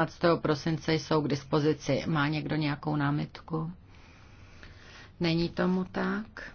15. prosince jsou k dispozici. Má někdo nějakou námitku? Není tomu tak.